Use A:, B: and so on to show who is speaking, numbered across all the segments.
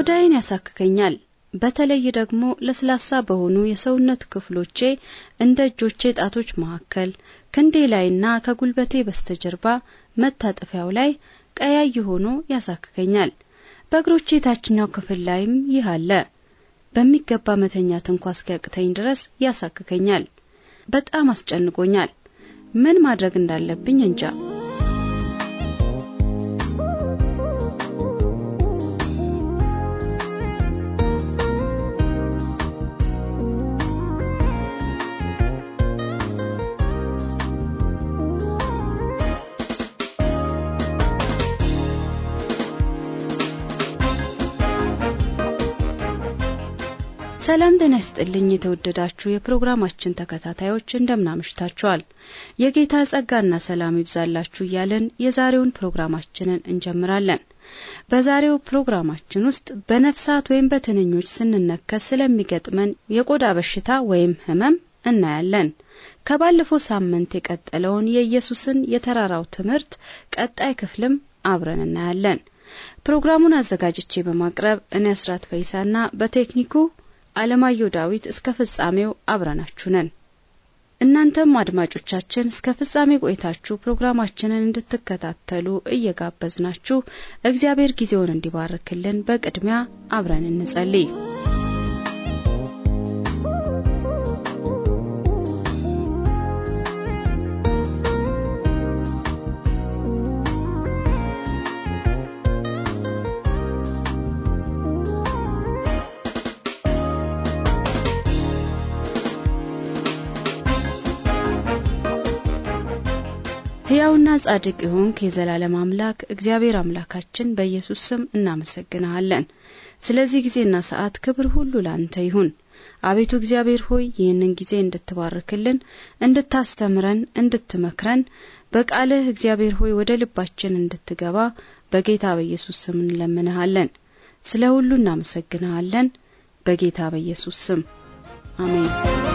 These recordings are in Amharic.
A: ቆዳዬን ያሳክከኛል። በተለይ ደግሞ ለስላሳ በሆኑ የሰውነት ክፍሎቼ እንደ እጆቼ ጣቶች መካከል፣ ክንዴ ላይና ከጉልበቴ በስተጀርባ መታጠፊያው ላይ ቀያይ ሆኖ ያሳክከኛል። በእግሮቼ ታችኛው ክፍል ላይም ይህ አለ። በሚገባ መተኛት እንኳ እስኪያቅተኝ ድረስ ያሳክከኛል። በጣም አስጨንቆኛል። ምን ማድረግ እንዳለብኝ እንጃ። ሰላም ደህና ይስጥልኝ። የተወደዳችሁ የፕሮግራማችን ተከታታዮች እንደምናምሽታችኋል። የጌታ ጸጋና ሰላም ይብዛላችሁ እያለን የዛሬውን ፕሮግራማችንን እንጀምራለን። በዛሬው ፕሮግራማችን ውስጥ በነፍሳት ወይም በትንኞች ስንነከስ ስለሚገጥመን የቆዳ በሽታ ወይም ህመም እናያለን። ከባለፈው ሳምንት የቀጠለውን የኢየሱስን የተራራው ትምህርት ቀጣይ ክፍልም አብረን እናያለን። ፕሮግራሙን አዘጋጅቼ በማቅረብ እኔ አስራት ፈይሳና በቴክኒኩ አለማየሁ ዳዊት እስከ ፍጻሜው አብረናችሁ ነን። እናንተም አድማጮቻችን እስከ ፍጻሜ ቆይታችሁ ፕሮግራማችንን እንድትከታተሉ እየጋበዝናችሁ እግዚአብሔር ጊዜውን እንዲባርክልን በቅድሚያ አብረን እንጸልይ። ሕያውና ጻድቅ የሆንክ የዘላለም አምላክ እግዚአብሔር አምላካችን በኢየሱስ ስም እናመሰግንሃለን። ስለዚህ ጊዜና ሰዓት ክብር ሁሉ ላንተ ይሁን። አቤቱ እግዚአብሔር ሆይ ይህንን ጊዜ እንድትባርክልን፣ እንድታስተምረን፣ እንድትመክረን በቃልህ እግዚአብሔር ሆይ ወደ ልባችን እንድትገባ በጌታ በኢየሱስ ስም እንለምንሃለን። ስለ ሁሉ እናመሰግንሃለን። በጌታ በኢየሱስ ስም አሜን።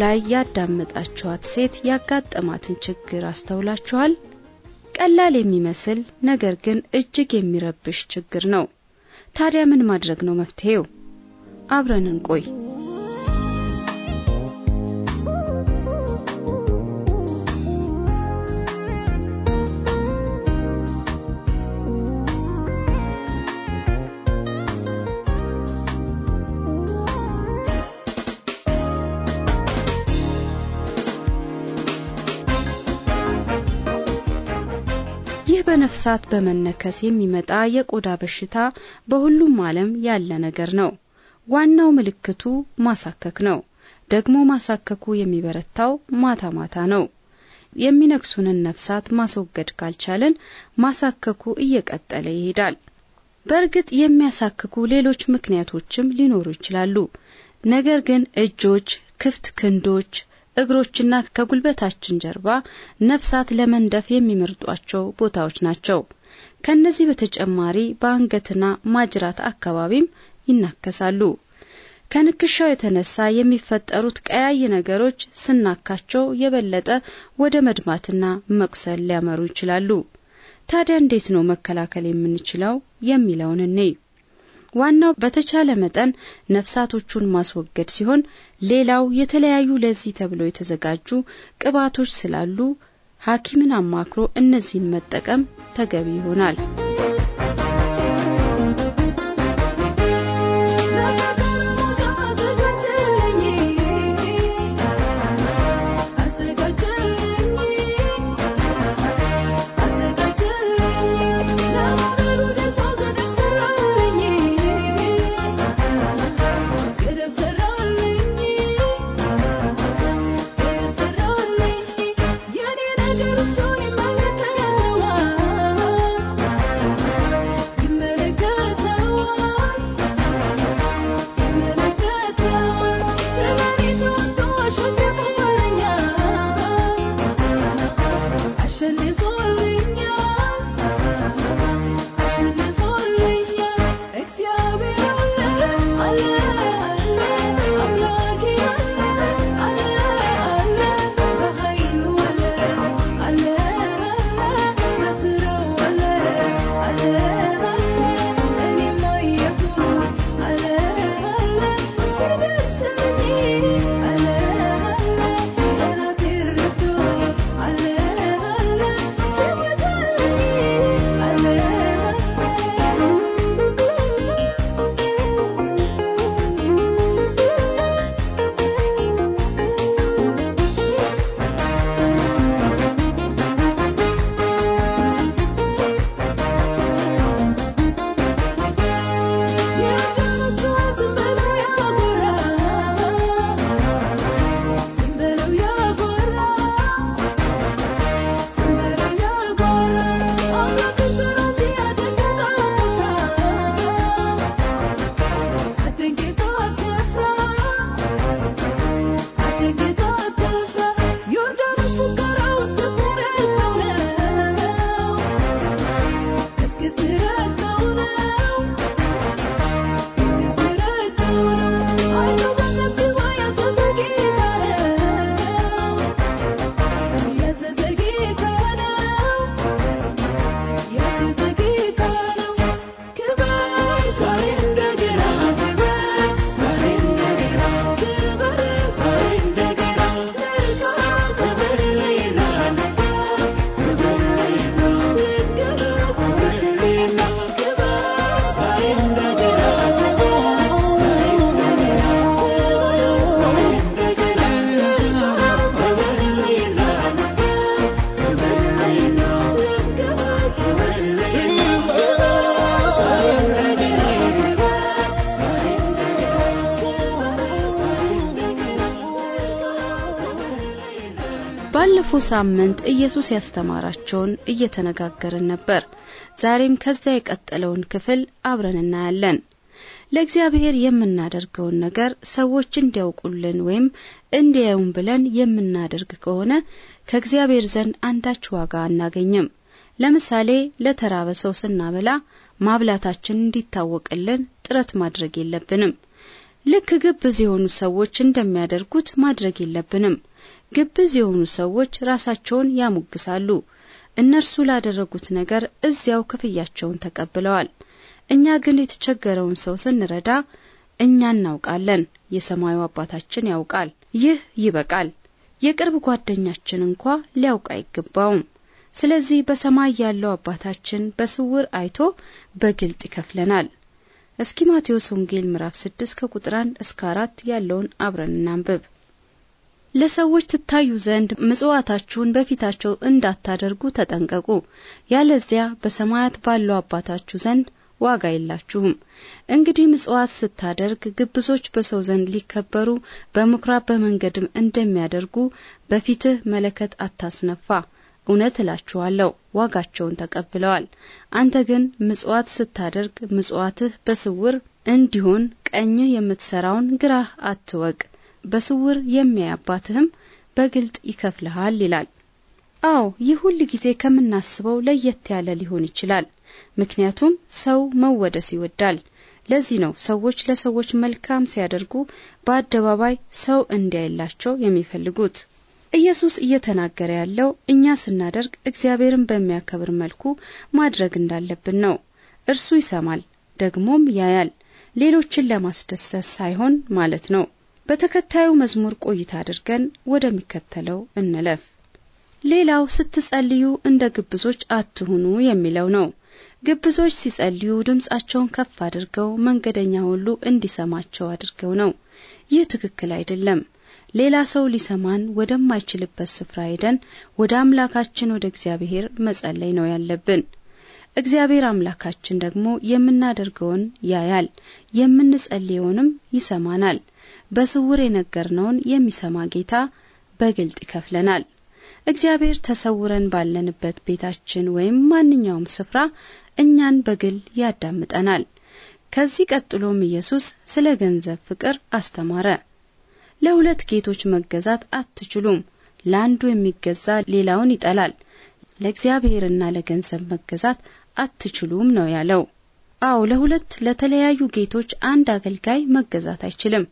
A: ላይ ያዳመጣችኋት ሴት ያጋጠማትን ችግር አስተውላችኋል? ቀላል የሚመስል ነገር ግን እጅግ የሚረብሽ ችግር ነው። ታዲያ ምን ማድረግ ነው መፍትሄው? አብረን እንቆይ። በነፍሳት በመነከስ የሚመጣ የቆዳ በሽታ በሁሉም ዓለም ያለ ነገር ነው። ዋናው ምልክቱ ማሳከክ ነው። ደግሞ ማሳከኩ የሚበረታው ማታ ማታ ነው። የሚነክሱንን ነፍሳት ማስወገድ ካልቻለን ማሳከኩ እየቀጠለ ይሄዳል። በእርግጥ የሚያሳክኩ ሌሎች ምክንያቶችም ሊኖሩ ይችላሉ። ነገር ግን እጆች፣ ክፍት ክንዶች፣ እግሮችና ከጉልበታችን ጀርባ ነፍሳት ለመንደፍ የሚመርጧቸው ቦታዎች ናቸው። ከነዚህ በተጨማሪ በአንገትና ማጅራት አካባቢም ይናከሳሉ። ከንክሻው የተነሳ የሚፈጠሩት ቀያይ ነገሮች ስናካቸው የበለጠ ወደ መድማትና መቁሰል ሊያመሩ ይችላሉ። ታዲያ እንዴት ነው መከላከል የምንችለው የሚለውን እኔ ዋናው በተቻለ መጠን ነፍሳቶቹን ማስወገድ ሲሆን ሌላው የተለያዩ ለዚህ ተብሎ የተዘጋጁ ቅባቶች ስላሉ ሐኪምን አማክሮ እነዚህን መጠቀም ተገቢ ይሆናል። ሳምንት ኢየሱስ ያስተማራቸውን እየተነጋገርን ነበር። ዛሬም ከዚያ የቀጠለውን ክፍል አብረን እናያለን። ለእግዚአብሔር የምናደርገውን ነገር ሰዎች እንዲያውቁልን ወይም እንዲያዩን ብለን የምናደርግ ከሆነ ከእግዚአብሔር ዘንድ አንዳች ዋጋ አናገኝም። ለምሳሌ ለተራበ ሰው ስናበላ ማብላታችን እንዲታወቅልን ጥረት ማድረግ የለብንም። ልክ ግብዝ የሆኑ ሰዎች እንደሚያደርጉት ማድረግ የለብንም። ግብዝ የሆኑ ሰዎች ራሳቸውን ያሞግሳሉ። እነርሱ ላደረጉት ነገር እዚያው ክፍያቸውን ተቀብለዋል። እኛ ግን የተቸገረውን ሰው ስንረዳ እኛ እናውቃለን፣ የሰማዩ አባታችን ያውቃል። ይህ ይበቃል። የቅርብ ጓደኛችን እንኳ ሊያውቅ አይገባውም። ስለዚህ በሰማይ ያለው አባታችን በስውር አይቶ በግልጥ ይከፍለናል። እስኪ ማቴዎስ ወንጌል ምዕራፍ 6 ከቁጥር 1 እስከ 4 ያለውን አብረን እናንብብ። ለሰዎች ትታዩ ዘንድ ምጽዋታችሁን በፊታቸው እንዳታደርጉ ተጠንቀቁ፣ ያለዚያ በሰማያት ባለው አባታችሁ ዘንድ ዋጋ የላችሁም። እንግዲህ ምጽዋት ስታደርግ ግብዞች በሰው ዘንድ ሊከበሩ በምኩራብ በመንገድም እንደሚያደርጉ በፊትህ መለከት አታስነፋ። እውነት እላችኋለሁ ዋጋቸውን ተቀብለዋል። አንተ ግን ምጽዋት ስታደርግ ምጽዋትህ በስውር እንዲሆን ቀኝህ የምትሰራውን ግራህ አትወቅ በስውር የሚያይ አባትህም በግልጥ ይከፍልሃል ይላል። አዎ ይህ ሁል ጊዜ ከምናስበው ለየት ያለ ሊሆን ይችላል። ምክንያቱም ሰው መወደስ ይወዳል። ለዚህ ነው ሰዎች ለሰዎች መልካም ሲያደርጉ በአደባባይ ሰው እንዲያይላቸው የሚፈልጉት። ኢየሱስ እየተናገረ ያለው እኛ ስናደርግ እግዚአብሔርን በሚያከብር መልኩ ማድረግ እንዳለብን ነው። እርሱ ይሰማል ደግሞም ያያል፣ ሌሎችን ለማስደሰት ሳይሆን ማለት ነው። በተከታዩ መዝሙር ቆይታ አድርገን ወደሚከተለው እንለፍ። ሌላው ስትጸልዩ እንደ ግብዞች አትሁኑ የሚለው ነው። ግብዞች ሲጸልዩ ድምፃቸውን ከፍ አድርገው መንገደኛ ሁሉ እንዲሰማቸው አድርገው ነው። ይህ ትክክል አይደለም። ሌላ ሰው ሊሰማን ወደማይችልበት ስፍራ ሄደን ወደ አምላካችን ወደ እግዚአብሔር መጸለይ ነው ያለብን። እግዚአብሔር አምላካችን ደግሞ የምናደርገውን ያያል፣ የምንጸልየውንም ይሰማናል። በስውር የነገርነውን የሚሰማ ጌታ በግልጥ ይከፍለናል። እግዚአብሔር ተሰውረን ባለንበት ቤታችን ወይም ማንኛውም ስፍራ እኛን በግል ያዳምጠናል። ከዚህ ቀጥሎም ኢየሱስ ስለ ገንዘብ ፍቅር አስተማረ። ለሁለት ጌቶች መገዛት አትችሉም። ለአንዱ የሚገዛ ሌላውን ይጠላል። ለእግዚአብሔርና ለገንዘብ መገዛት አትችሉም ነው ያለው። አዎ ለሁለት ለተለያዩ ጌቶች አንድ አገልጋይ መገዛት አይችልም።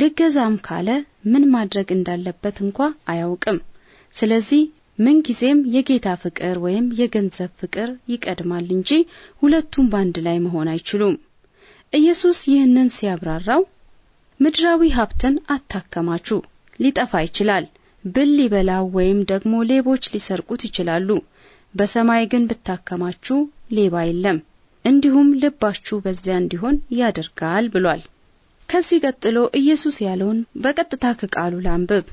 A: ልገዛም ካለ ምን ማድረግ እንዳለበት እንኳ አያውቅም። ስለዚህ ምንጊዜም የጌታ ፍቅር ወይም የገንዘብ ፍቅር ይቀድማል እንጂ ሁለቱም በአንድ ላይ መሆን አይችሉም። ኢየሱስ ይህንን ሲያብራራው ምድራዊ ሀብትን አታከማቹ፣ ሊጠፋ ይችላል፣ ብል ሊበላው ወይም ደግሞ ሌቦች ሊሰርቁት ይችላሉ። በሰማይ ግን ብታከማችሁ ሌባ የለም፣ እንዲሁም ልባችሁ በዚያ እንዲሆን ያደርጋል ብሏል። ከዚህ ቀጥሎ ኢየሱስ ያለውን በቀጥታ ከቃሉ ላንብብ።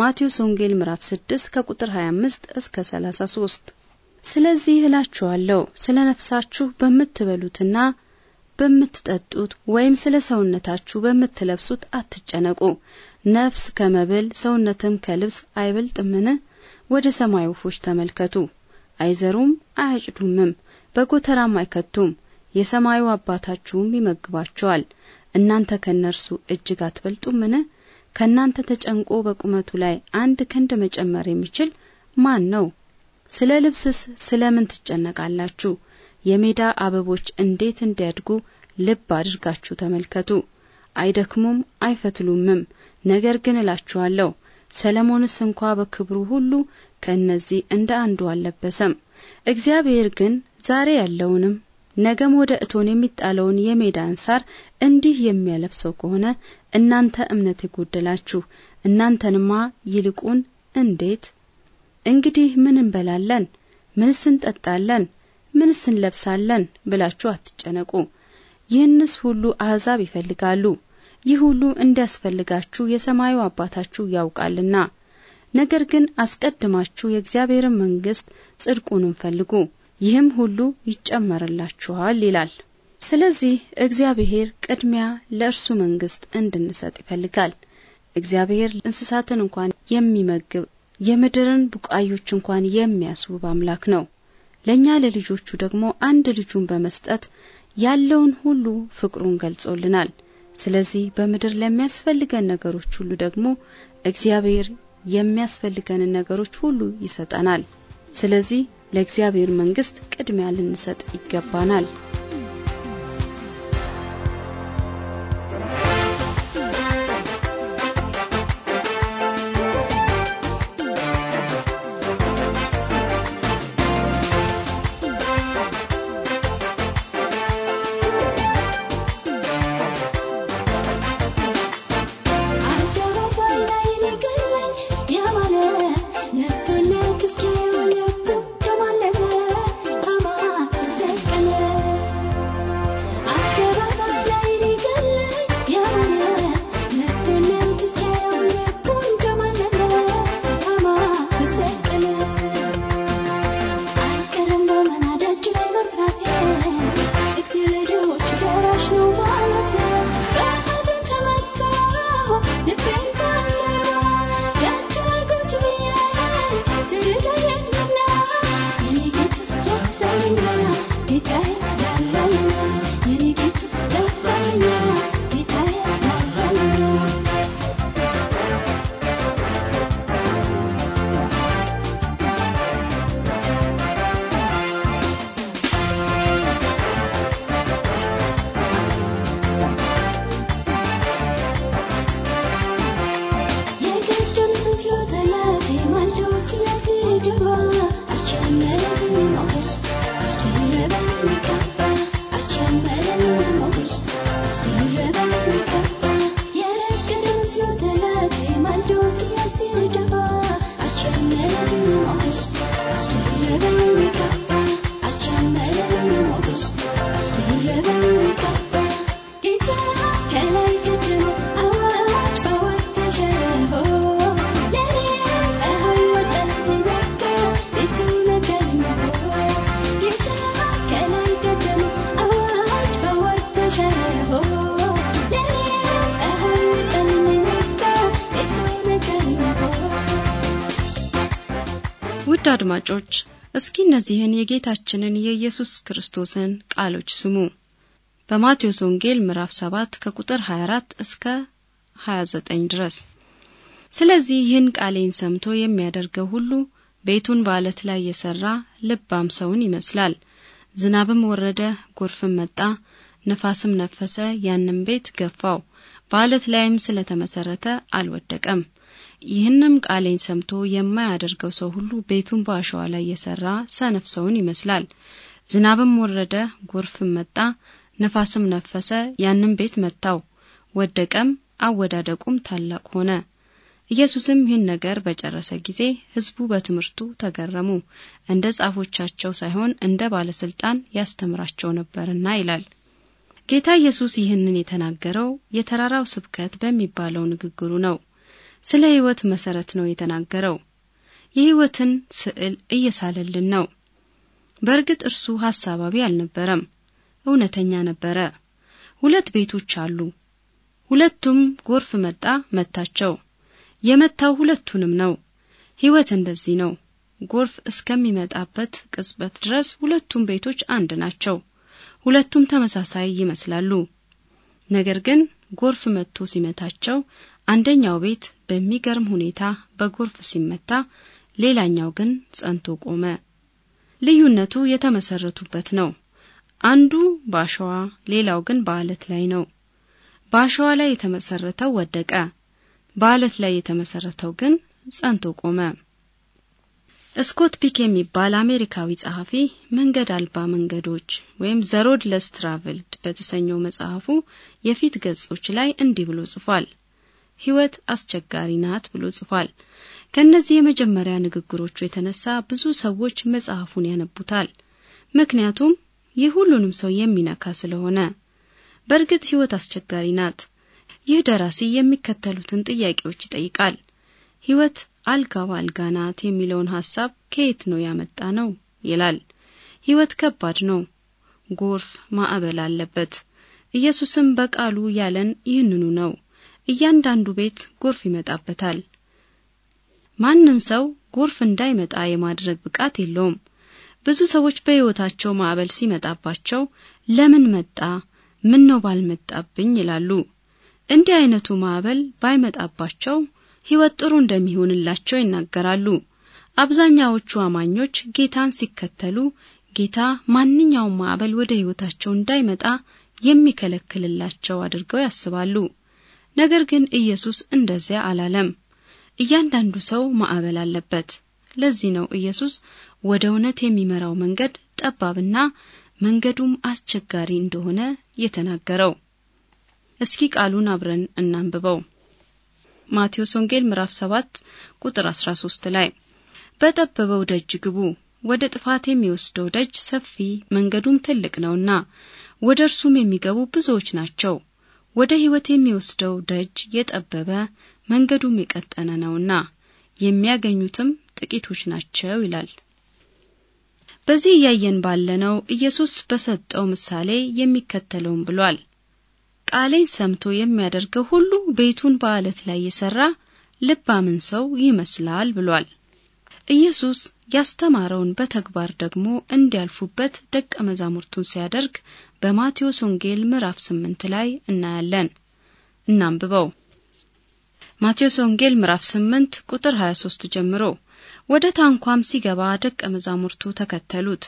A: ማቴዎስ ወንጌል ምዕራፍ 6 ከቁጥር 25 እስከ 33 ስለዚህ እላችኋለሁ ስለ ነፍሳችሁ በምትበሉትና በምትጠጡት ወይም ስለ ሰውነታችሁ በምትለብሱት አትጨነቁ። ነፍስ ከመብል ሰውነትም ከልብስ አይበልጥምን? ወደ ሰማይ ወፎች ተመልከቱ። አይዘሩም፣ አያጭዱምም፣ በጎተራም አይከቱም፣ የሰማዩ አባታችሁም ይመግባቸዋል። እናንተ ከእነርሱ እጅግ አትበልጡምን? ከእናንተ ተጨንቆ በቁመቱ ላይ አንድ ክንድ መጨመር የሚችል ማን ነው? ስለ ልብስስ ስለ ምን ትጨነቃላችሁ? የሜዳ አበቦች እንዴት እንዲያድጉ ልብ አድርጋችሁ ተመልከቱ። አይደክሙም አይፈትሉምም። ነገር ግን እላችኋለሁ ሰለሞንስ እንኳ በክብሩ ሁሉ ከእነዚህ እንደ አንዱ አልለበሰም። እግዚአብሔር ግን ዛሬ ያለውንም ነገም ወደ እቶን የሚጣለውን የሜዳን ሳር እንዲህ የሚያለብሰው ከሆነ እናንተ እምነት የጎደላችሁ እናንተንማ ይልቁን እንዴት! እንግዲህ ምን እንበላለን? ምንስ እንጠጣለን? ምንስ እንለብሳለን? ብላችሁ አትጨነቁ። ይህንስ ሁሉ አሕዛብ ይፈልጋሉ። ይህ ሁሉ እንዲያስፈልጋችሁ የሰማዩ አባታችሁ ያውቃልና። ነገር ግን አስቀድማችሁ የእግዚአብሔርን መንግሥት ጽድቁንም ፈልጉ ይህም ሁሉ ይጨመርላችኋል ይላል። ስለዚህ እግዚአብሔር ቅድሚያ ለእርሱ መንግስት እንድንሰጥ ይፈልጋል። እግዚአብሔር እንስሳትን እንኳን የሚመግብ የምድርን ቡቃዮች እንኳን የሚያስውብ አምላክ ነው። ለእኛ ለልጆቹ ደግሞ አንድ ልጁን በመስጠት ያለውን ሁሉ ፍቅሩን ገልጾልናል። ስለዚህ በምድር ለሚያስፈልገን ነገሮች ሁሉ ደግሞ እግዚአብሔር የሚያስፈልገንን ነገሮች ሁሉ ይሰጠናል። ስለዚህ ለእግዚአብሔር መንግስት ቅድሚያ ልንሰጥ ይገባናል።
B: አስጨመረኝ ሞገስ አስደረበኝ ከፍ
A: ውድ አድማጮች እስኪ እነዚህን የጌታችንን የኢየሱስ ክርስቶስን ቃሎች ስሙ። በማቴዎስ ወንጌል ምዕራፍ 7 ከቁጥር 24 እስከ 29 ድረስ ስለዚህ ይህን ቃሌን ሰምቶ የሚያደርገው ሁሉ ቤቱን በአለት ላይ የሰራ ልባም ሰውን ይመስላል። ዝናብም ወረደ፣ ጎርፍም መጣ፣ ነፋስም ነፈሰ፣ ያንም ቤት ገፋው፣ በአለት ላይም ስለተመሰረተ አልወደቀም። ይህንም ቃሌን ሰምቶ የማያደርገው ሰው ሁሉ ቤቱን በአሸዋ ላይ የሰራ ሰነፍ ሰውን ይመስላል። ዝናብም ወረደ፣ ጎርፍም መጣ፣ ነፋስም ነፈሰ፣ ያንም ቤት መታው፣ ወደቀም፣ አወዳደቁም ታላቅ ሆነ። ኢየሱስም ይህን ነገር በጨረሰ ጊዜ ሕዝቡ በትምህርቱ ተገረሙ፣ እንደ ጻፎቻቸው ሳይሆን እንደ ባለስልጣን ያስተምራቸው ነበርና ይላል። ጌታ ኢየሱስ ይህንን የተናገረው የተራራው ስብከት በሚባለው ንግግሩ ነው። ስለ ሕይወት መሰረት ነው የተናገረው። የሕይወትን ስዕል እየሳለልን ነው። በእርግጥ እርሱ ሐሳባዊ አልነበረም፣ እውነተኛ ነበረ። ሁለት ቤቶች አሉ። ሁለቱም ጎርፍ መጣ መታቸው። የመታው ሁለቱንም ነው። ሕይወት እንደዚህ ነው። ጎርፍ እስከሚመጣበት ቅጽበት ድረስ ሁለቱም ቤቶች አንድ ናቸው። ሁለቱም ተመሳሳይ ይመስላሉ። ነገር ግን ጎርፍ መጥቶ ሲመታቸው አንደኛው ቤት በሚገርም ሁኔታ በጎርፍ ሲመታ፣ ሌላኛው ግን ጸንቶ ቆመ። ልዩነቱ የተመሰረቱበት ነው። አንዱ በአሸዋ ሌላው ግን በአለት ላይ ነው። በአሸዋ ላይ የተመሰረተው ወደቀ፣ በአለት ላይ የተመሰረተው ግን ጸንቶ ቆመ። ስኮት ፒክ የሚባል አሜሪካዊ ጸሐፊ መንገድ አልባ መንገዶች ወይም ዘሮድ ለስ ትራቨልድ በተሰኘው መጽሐፉ የፊት ገጾች ላይ እንዲህ ብሎ ጽፏል። ሕይወት አስቸጋሪ ናት ብሎ ጽፏል። ከእነዚህ የመጀመሪያ ንግግሮቹ የተነሳ ብዙ ሰዎች መጽሐፉን ያነቡታል። ምክንያቱም ይህ ሁሉንም ሰው የሚነካ ስለሆነ። በእርግጥ ሕይወት አስቸጋሪ ናት። ይህ ደራሲ የሚከተሉትን ጥያቄዎች ይጠይቃል። ሕይወት አልጋ በአልጋ ናት የሚለውን ሐሳብ ከየት ነው ያመጣ ነው ይላል። ሕይወት ከባድ ነው። ጎርፍ ማዕበል አለበት። ኢየሱስም በቃሉ ያለን ይህንኑ ነው። እያንዳንዱ ቤት ጎርፍ ይመጣበታል። ማንም ሰው ጎርፍ እንዳይመጣ የማድረግ ብቃት የለውም። ብዙ ሰዎች በሕይወታቸው ማዕበል ሲመጣባቸው ለምን መጣ፣ ምን ነው ባልመጣብኝ ይላሉ። እንዲህ አይነቱ ማዕበል ባይመጣባቸው ሕይወት ጥሩ እንደሚሆንላቸው ይናገራሉ። አብዛኛዎቹ አማኞች ጌታን ሲከተሉ ጌታ ማንኛውም ማዕበል ወደ ሕይወታቸው እንዳይመጣ የሚከለክልላቸው አድርገው ያስባሉ። ነገር ግን ኢየሱስ እንደዚያ አላለም። እያንዳንዱ ሰው ማዕበል አለበት። ለዚህ ነው ኢየሱስ ወደ እውነት የሚመራው መንገድ ጠባብና መንገዱም አስቸጋሪ እንደሆነ የተናገረው። እስኪ ቃሉን አብረን እናንብበው። ማቴዎስ ወንጌል ምዕራፍ 7 ቁጥር 13 ላይ በጠበበው ደጅ ግቡ፣ ወደ ጥፋት የሚወስደው ደጅ ሰፊ መንገዱም ትልቅ ነውና ወደ እርሱም የሚገቡ ብዙዎች ናቸው ወደ ሕይወት የሚወስደው ደጅ የጠበበ መንገዱም የቀጠነ ነውና የሚያገኙትም ጥቂቶች ናቸው ይላል። በዚህ እያየን ባለነው ኢየሱስ በሰጠው ምሳሌ የሚከተለውን ብሏል። ቃሌን ሰምቶ የሚያደርገው ሁሉ ቤቱን በአለት ላይ የሰራ ልባምን ሰው ይመስላል ብሏል። ኢየሱስ ያስተማረውን በተግባር ደግሞ እንዲያልፉበት ደቀ መዛሙርቱን ሲያደርግ በማቴዎስ ወንጌል ምዕራፍ ስምንት ላይ እናያለን። እናንብበው። ማቴዎስ ወንጌል ምዕራፍ ስምንት ቁጥር 23 ጀምሮ ወደ ታንኳም ሲገባ ደቀ መዛሙርቱ ተከተሉት።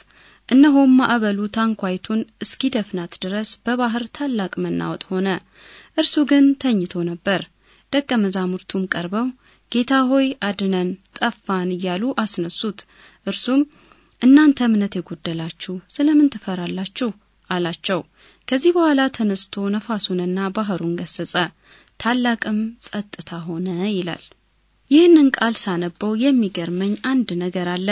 A: እነሆም ማዕበሉ ታንኳይቱን እስኪደፍናት ድረስ በባህር ታላቅ መናወጥ ሆነ። እርሱ ግን ተኝቶ ነበር። ደቀ መዛሙርቱም ቀርበው ጌታ ሆይ አድነን፣ ጠፋን እያሉ አስነሱት። እርሱም እናንተ እምነት የጎደላችሁ ስለምን ትፈራላችሁ አላቸው። ከዚህ በኋላ ተነስቶ ነፋሱንና ባህሩን ገሰጸ፣ ታላቅም ጸጥታ ሆነ ይላል። ይህንን ቃል ሳነበው የሚገርመኝ አንድ ነገር አለ።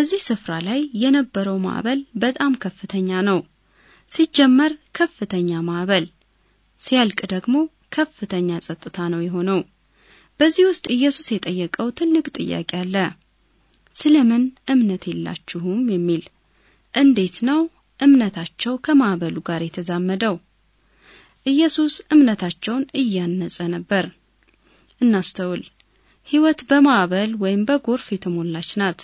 A: እዚህ ስፍራ ላይ የነበረው ማዕበል በጣም ከፍተኛ ነው። ሲጀመር ከፍተኛ ማዕበል ሲያልቅ ደግሞ ከፍተኛ ጸጥታ ነው የሆነው። በዚህ ውስጥ ኢየሱስ የጠየቀው ትልቅ ጥያቄ አለ። ስለምን እምነት የላችሁም የሚል እንዴት ነው እምነታቸው ከማዕበሉ ጋር የተዛመደው? ኢየሱስ እምነታቸውን እያነጸ ነበር። እናስተውል። ሕይወት በማዕበል ወይም በጎርፍ የተሞላች ናት።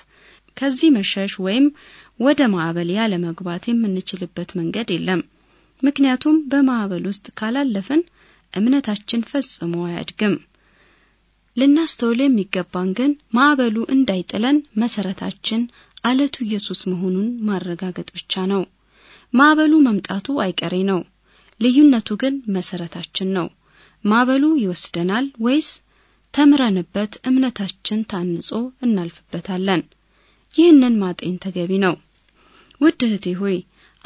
A: ከዚህ መሸሽ ወይም ወደ ማዕበል ያለ መግባት የምንችልበት መንገድ የለም። ምክንያቱም በማዕበል ውስጥ ካላለፍን እምነታችን ፈጽሞ አያድግም። ልናስተውል የሚገባን ግን ማዕበሉ እንዳይጥለን መሰረታችን አለቱ ኢየሱስ መሆኑን ማረጋገጥ ብቻ ነው። ማዕበሉ መምጣቱ አይቀሬ ነው። ልዩነቱ ግን መሰረታችን ነው። ማዕበሉ ይወስደናል ወይስ ተምረንበት እምነታችን ታንጾ እናልፍበታለን? ይህንን ማጤን ተገቢ ነው። ውድ እህቴ ሆይ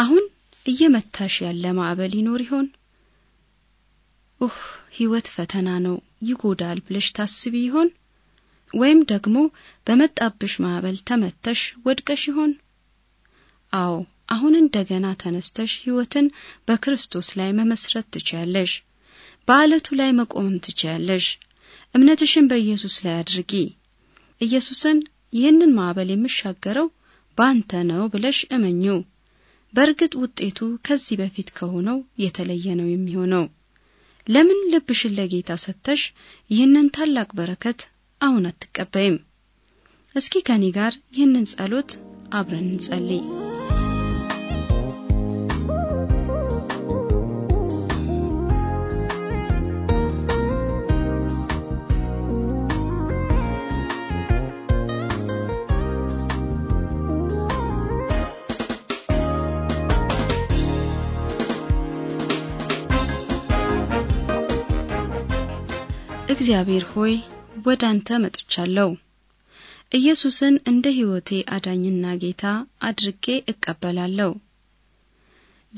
A: አሁን እየመታሽ ያለ ማዕበል ይኖር ይሆን? ኡህ ህይወት ፈተና ነው ይጎዳል ብለሽ ታስቢ ይሆን ወይም ደግሞ በመጣብሽ ማዕበል ተመተሽ ወድቀሽ ይሆን አዎ አሁን እንደገና ተነስተሽ ህይወትን በክርስቶስ ላይ መመስረት ትችያለሽ በአለቱ ላይ መቆምም ትችያለሽ እምነትሽን በኢየሱስ ላይ አድርጊ ኢየሱስን ይህንን ማዕበል የምሻገረው ባንተ ነው ብለሽ እመኙ በእርግጥ ውጤቱ ከዚህ በፊት ከሆነው የተለየ ነው የሚሆነው ለምን ልብሽን ለጌታ ሰጥተሽ ይህንን ታላቅ በረከት አሁን አትቀበይም? እስኪ ከኔ ጋር ይህንን ጸሎት አብረን እንጸልይ። እግዚአብሔር ሆይ ወደ አንተ መጥቻለሁ። ኢየሱስን እንደ ሕይወቴ አዳኝና ጌታ አድርጌ እቀበላለሁ።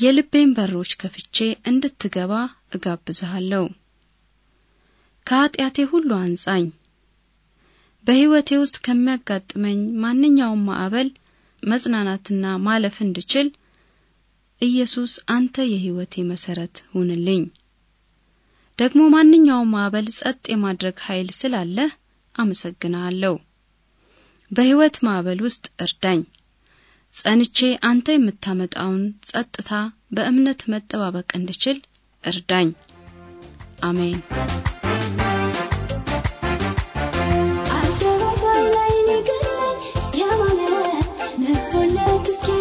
A: የልቤን በሮች ከፍቼ እንድትገባ እጋብዝሃለሁ። ከኃጢአቴ ሁሉ አንጻኝ። በሕይወቴ ውስጥ ከሚያጋጥመኝ ማንኛውም ማዕበል መጽናናትና ማለፍ እንድችል ኢየሱስ አንተ የሕይወቴ መሰረት ሁንልኝ። ደግሞ ማንኛውም ማዕበል ጸጥ የማድረግ ኃይል ስላለ አመሰግናለሁ። በሕይወት ማዕበል ውስጥ እርዳኝ። ጸንቼ አንተ የምታመጣውን ጸጥታ በእምነት መጠባበቅ እንድችል እርዳኝ። አሜን። Sky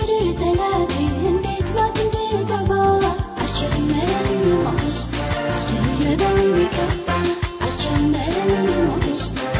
B: Ne da uvijek kapa, a s čem me ne možeš sam.